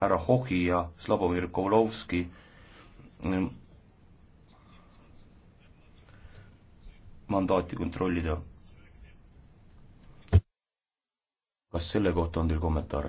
härra Hohi ja Slobomir Kovalovski. Ehm, mandaati kontrollida. kas selle kohta on teil kommentaare?